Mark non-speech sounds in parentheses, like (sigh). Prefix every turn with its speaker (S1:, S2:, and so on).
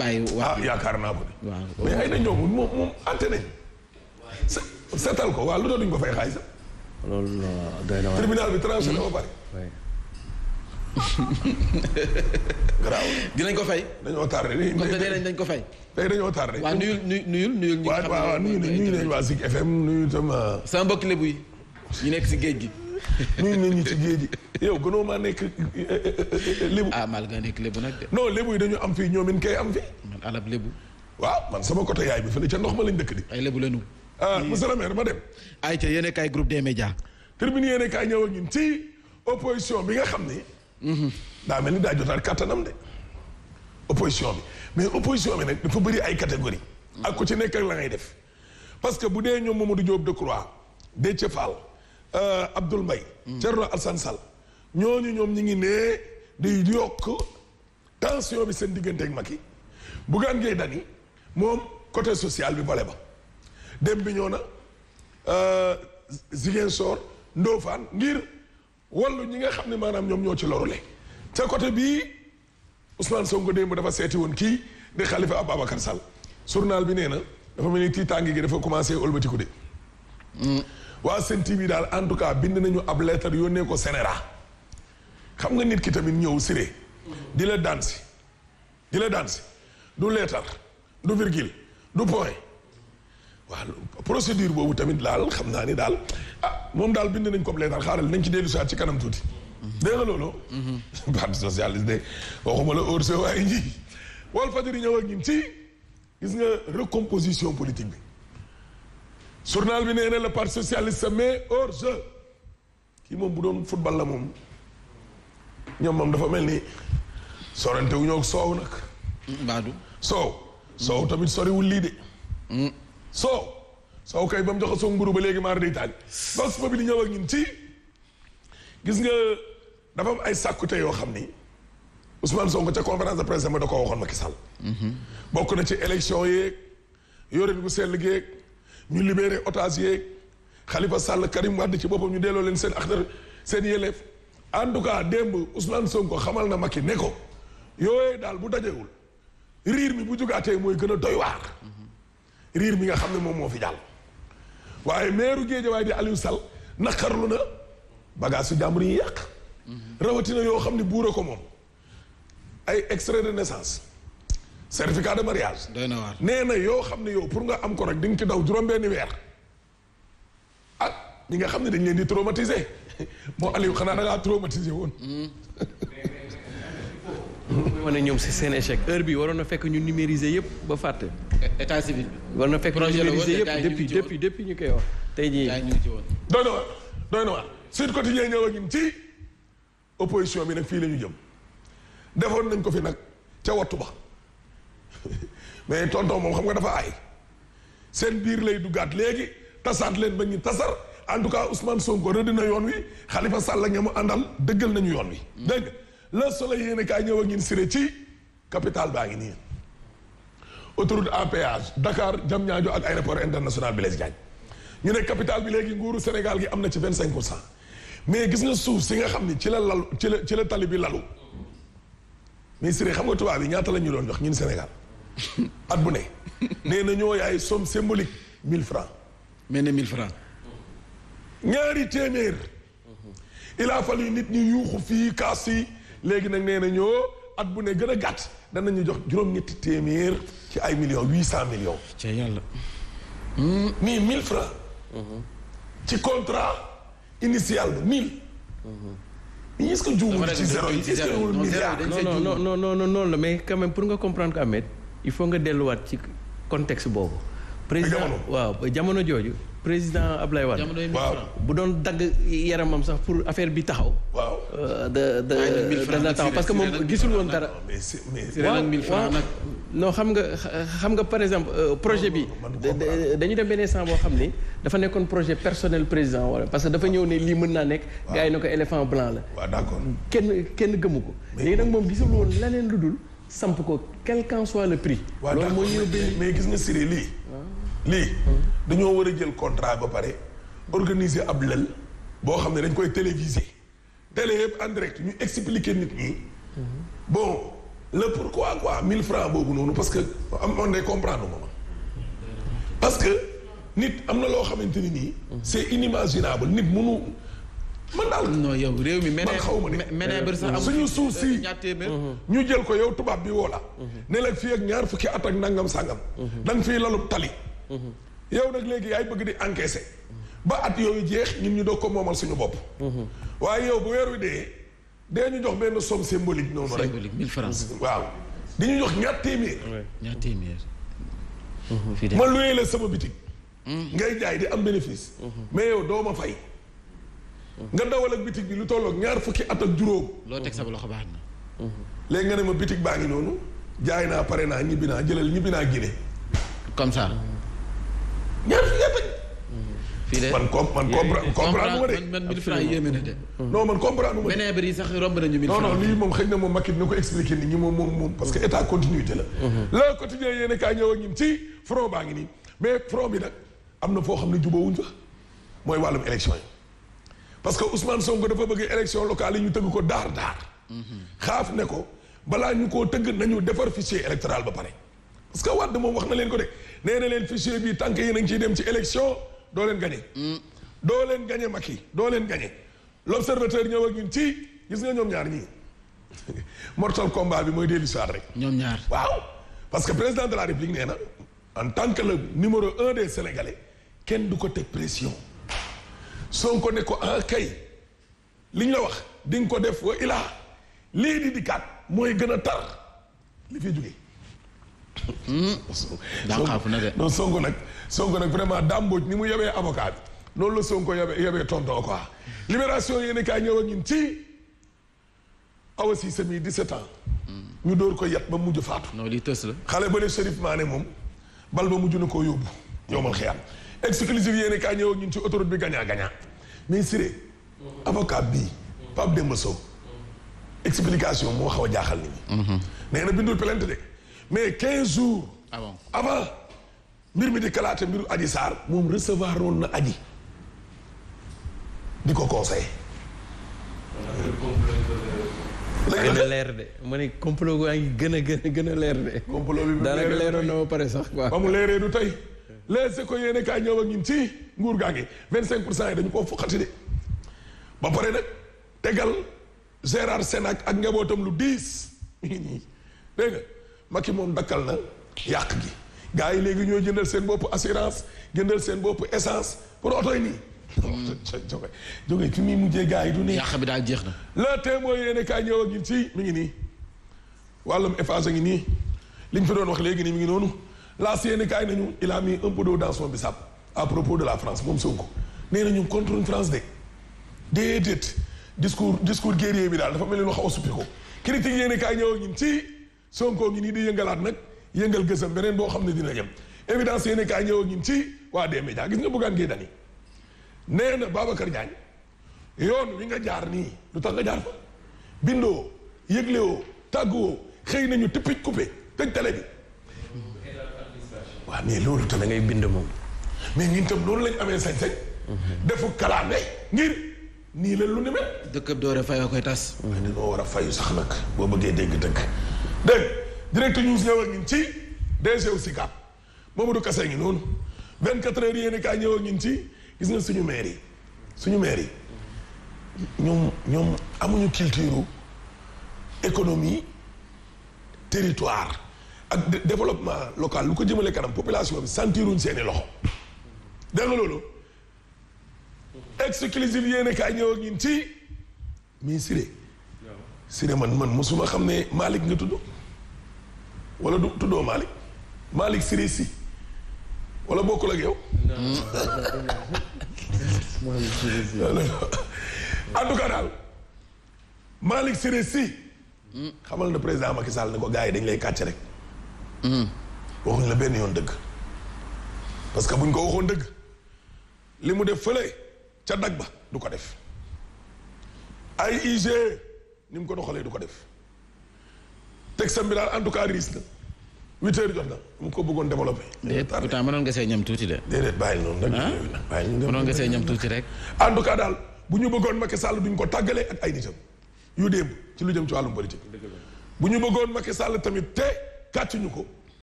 S1: bàyyi wax ah, yaakaar naa ko de. waaw mais ay na ñoom moom moom àtte nañ. seetal ko waaw lu doon duñ ko fay xaalis. loolu doy na tribunal bi tranché na ba pare. (laughs) garaaw dinañ ko fay. dañoo tardé léegi comme que dañ ko fay. tey dañoo tardé. waaw nuyul nuyul nuyul. ñu xam ne waaw waaw nuyu nañ waa Zik FM nuyu itam. Euh, sama mbokk lébu yi ñu nekk si géej gi. nuyu nañ ñu ci géej yow gënoo maa nekk eh, eh, eh, lébu. ah mal nga nekk lébu nag de. non lébu yi dañu am fii ñoom it kay am fii. man alab lébu. waaw man sama côté yaay bi fële ca ndox ma lañ dëkk di. ay lébu la ñu. ah monsieur le ma dem. ay ca yéen kay groupe des médias. tribune yéen kay ñëw ak ñun ci opposition bi nga xam ni. Mhm. daa mel ni daa jotaat kattanam de. opposition bi mais opposition bi nag dafa bëri ay catégorie ak ku ci nekk la ngay def parce que bu dee ñoom Mamadou Diop Decroix Déthié Fall. Euh, Abdoul Mbaye hmm. Thierno Alassane Sall ñooñu ñoom ñi ngi nee di yokk tension bi seen diggante ak Macky Bougane Gueye dani moom côté social bi bale ba dem bi ñoo na euh, Ziguinchor Ndofane ngir wallu ñi nga xam ne maanaam ñoom ñoo ci lorule te côté bii Ousmane Sonko démb dafa seeti woon kii di xalifa Khalifa Ababacar Sall journal bi nee na dafa mel ni tiitaange gi dafa commencé ëlbatiku de waa Sen TV daal en tout cas bind nañu ab lettre yónnee ko Sénéra xam nga nit ki tamit ñëw siré di la daan si di la daan si du lettre du virgule du point waaw procédure boobu tamit daal xam naa ni daal ah moom daal bind nañ ko ab lettre xaaral nañ ci dellu si ci kanam tuuti. dégg nga loolu. parti socialiste de waxuma la heure waaye nji. Walfadjri ñëw ak ci gis nga recomposition politique bi. journal bi nee na le parti socialiste se mais hors jeu kii moom bu doon football la moom ñoom moom dafa mel ni sorante wu ñoo soow nag. baadu soow. soow tamit soriwul lii de. Mm. soow soow kay ba mu joxe soog mburu ba léegi maar day taal donc boobu di ñëw ak ñun ci gis nga dafa am ay sàkkute yoo xam ni Ousmane Sonko ca conférence de presse ma da koo waxoon Macky Sall. Mm-hmm. bokk na ci élection yeeg yorin gu sell geeg. ñu libéré otage yeeg Khalifa sàll Karim Wade ci boppam ñu delloo leen seen ak seen yéleef en tout cas démb Ousmane Sonko xamal na Macky ne ko yooyu daal bu dajewul riir mi bu jugaatee mooy gën a doy waar riir mi nga xam ne moom moo fi jàll waaye meeru Géejawaay di Aliou Sall naqarlu na bagage su jàmbur yi yàq mhm. rawatina yoo xam ne buur a ko moom ay extrait de naissance certificat de mariage. doy na nee na yoo xam ne yow pour nga am ko rek di nga ci daw juróom-benni weer ah ñi nga xam ne dañ leen di traumatiser moo (laughs) Aliou xanaa da ngaa traumatiser woon. (laughs) mooy wane ñoom si seen échec heure bi waroon na fekk ñu numériser yëpp ba fàtte. état civil bi. waroon na fekk ñu numériser yëpp depuis depuis depuis ñu koy wax. tey jii doy na waar doy na waar Sud Quotidien ñëw ak ñun ci opposition bi nag fii la ñu jëm defoon nañ ko fi nag ca wattu ba. (laughs) mais tonton moom xam nga dafa aay seen biir lay duggaat léegi tasaat leen ba ñu tasar en tout cas Ousmane Sonko rëdd na yoon wi Khalifa Sall nga àndal dëggal nañu yoon wi. dégg nga le soleil yéen kaay ñëw a ngeen ci capital baa ngi nii autoroute à péage Dakar Diamniadio ak aéroport international Blaise Diagne ñu ne capital bi léegi nguuru Sénégal gi am na ci vingt cinq pour cent mais gis nga suuf si nga xam ni ci la lalu ci la ci tali bi lalu mais siré xam nga tubaab yi ñaata la ñu doon jox ñun Sénégal. at bu ne nee na ñooy ay somme symbolique mille francs mais ne mille francs ñaari téeméer il a fallu nit ñi yuuxu fii kaas yi léegi nag nee na ñoo at bu ne gën a gàtt danañu jox juróom-ñetti téeméer ci ay millions huit cent millions nii mille francs ci contrat initial bi mille mais est-ce que juumul ci zéro yi est-ce que non non non non non mais quand pour nga comprendre ko Ahmed il faut nga delluwaat ci contexte boobu. président waaw jamono jooju. président Ablaye Wade. bu doon dagg yaramam sax pour affaire bi taxaw. waaw da da da taxaw parce que moom gisul woon dara. waaw non xam nga xam nga par exemple euh, projet bi. dañu dem benn instant boo xam ni dafa nekkoon projet personnel président wala parce que dafa ñëw ne lii mën naa nekk. gars yi na ko éléphant blanc la. waaw d'accord kenn kenn gëmu ko. léegi nag moom gisul woon leneen lu dul. samp ko quel qu'en soit le prix. loolu moo yóbbee mais gis nga Siré lii. Ah. lii dañoo war a jël contrat ba pare organiser ab lël boo xam ne dañ koy téléviser télé yëpp en direct ñu expliquer nit ñi. bon le pourquoi quoi mille francs boobu noonu parce que am on est comprendre que nit am na loo xamante ni nii. c'est inimaginable nit mënu. man daal non yow réew mi man xaw ma ne mm-hmm. suñu suuf si mm-hmm. ñu jël ko yow tubaab bi woo la mm-hmm. ne la fii ak ñaar fukki at ak nangam sàngam da nga fii lalub tali yow nag léegi yaay bëgg di encaisser ba at yi jeex ñun ñu doo ko moomal suñu bopp waaye yow bu weer wi dee dee ñu jox benn somme symbolique noonu rek symbolique mille francs waaw di ñu jox ñaar téeméer ñaar téeméer ma luyee la sama bitig ngay jaay di am bénéfice mais yow doo fay nga dawal ak bitig bi lu tolloog ñaar fukki at ak juróom. loo teg sa loxo baax na. léegi nga ne ma bitig baa ngi noonu jaay naa pare naa ñibbi naa jëlal ñibbi naa Guinée. comme man comp man ma de. man man mille na de. non man comprendre lii moom xëy na moom Macky dina ko expliquer nit ñi moom moom moom parce que état continuité la. Mhm. le quotidien yéen a kaay ñëw ak ñun ci front baa ngi nii mais front bi nag am na foo xam ne jubóowuñ fa mooy wàllum élection yi. parce que Ousmane Sonko dafa bëgg élection locale yi ñu tëgg ko daar daar. xaaf ne ko balaa ñu ko tëgg nañu defar fichier électoral ba pare. parce que Wade moom wax na leen ko de nee na leen fichier bi tànk yi nañ ciy dem ci élection doo leen gagné. Mm. doo leen gagné Macky doo leen gagné l' observateur ñëw ak ñun ci gis nga ñoom ñaar ñii (laughs) mortal combat bi mooy dellu soir rek. ñoom ñaar waaw. parce que président de la république nee na en tant que le numéro un des sénégalais kenn du ko teg pression. Sonko nekk ko ah kay li ñu la wax di ko def wa ilaa lii di dikkaat mooy gën a tar li fi jóge hmm. non Sonko nag Sonko nag vraiment dàmbooj ni mu yebee avocat bi loolu la Sonko yebee yebee tonton quoi libération yéen kaa ñëw ak ñun ci Awa Cissé mi 17 ans hmm. ñu dóor ko yat ba mujj faatu non lii tës la xale ba le Chérif Mané moom bal ba mujj na koo yóbbu ñoomal xeyam exclusive yéen kaa ñëw ñun ci autoroute bi gagnant gagnant mais Siré mm-hmm. avocat bii Pape Demba Sow mm-hmm. explication moo xaw a jaaxal nit ñi mm-hmm. nee bindul plainte de mais quinze jours ah avant mbir mi di kalaate mbiru Adji Sarr moom recevoir woon na Adji di ko conseil gën a leer de ma ne complot gaa ngi gën a leer de complot bi mu leeree du tey les éco yéene kaa ñëw ak ñun ci nguur gaa ngi vingt cinq pour cent yi dañu koo foqati de ba pare nag tegal Gérard Senac ak njabootam lu diis dégg nga Macky moom dakkal na yàq gi gaa yi léegi ñoo jëndal seen bopp assurance jëndal seen bopp essence pour oto yi nii jóge (laughs) jóge fi muy mujjee gars yi du nii yàq bi daal jeex na la témoin yéene kaa ñëw ak ñun ci mi ngi nii wàllum Eiffage a ngi nii liñ fi doon wax léegi nii mi ngi noonu la yéen kaay nañu il a mis un peu d'eau dans son bissap à propos de la France moom Sonko nee nañu contre une France de déedéet discours discours guerrier bi daal dafa mel ni lu xaw suppi ko critique yéen kaay ñëw ak ñun ci Sonko ngi nii di yëngalaat nag yëngal gësam beneen boo xam ne dina yem évidence yéen kaay ñëw ak ñun ci waa des médias gis nga bëggaan gee dani nee na Babacar Diagne yoon wi nga jaar nii lu tax nga jaar fa bindoo yëglewoo tàgguwoo xëy nañu tippit coupé tëj télé bi waaw mais loolu tamit da ngay bind moom. mais ñun tam loolu lañ amee sañ-sañ. defu kalaame ngir nii la lu ni mel. dëkkab doore fayoo koy tas. waaye dañoo war a fayu sax nag boo bëggee dégg dëgg. dégg direct news ñëw ak ci DG Sicap Mamadou Kassé ngi noonu 24 heures yéen a kaay ñëw ak ñun ci gis nga suñu maire yi suñu maire yi ñoom ñoom amuñu culture économie territoire. développement local lu ko jëmalee kanam population bi sentiruñ seeni loxo dégg nga loolu exclusive yéene kaay ñëw ak ñun ci mii Siré Siré man man mosuma xam ne malik nga tudd wala du tuddoo Malick Malick Siré si wala bokkul ak yow (laughs) en daal Malick Siré si hmm. xamal na président Macky Sall ne ko gars yi dañ lay kàcc rek waxuñ la benn yoon dëgg parce bu ñu ko waxoon dëgg li mu def fële ca dag ba du ko def ay IG ni mu ko doxalee du ko def teg sam bi daal en tout cas risque na huit heures jot na mu ko bëggoon développé. déedéet pourtant mënoon nga see ñam tuuti de. déedéet bàyyi noonu rek. Ah? bàyyi noonu mënoon nga see rek. en tout cas daal bu ñu bëggoon Macky Sall duñ ko tàggalee ak ay nitam yu démb ci lu jëm ci wàllum politique. bu ñu bëggoon Macky Sall tamit te. gàccuñu ko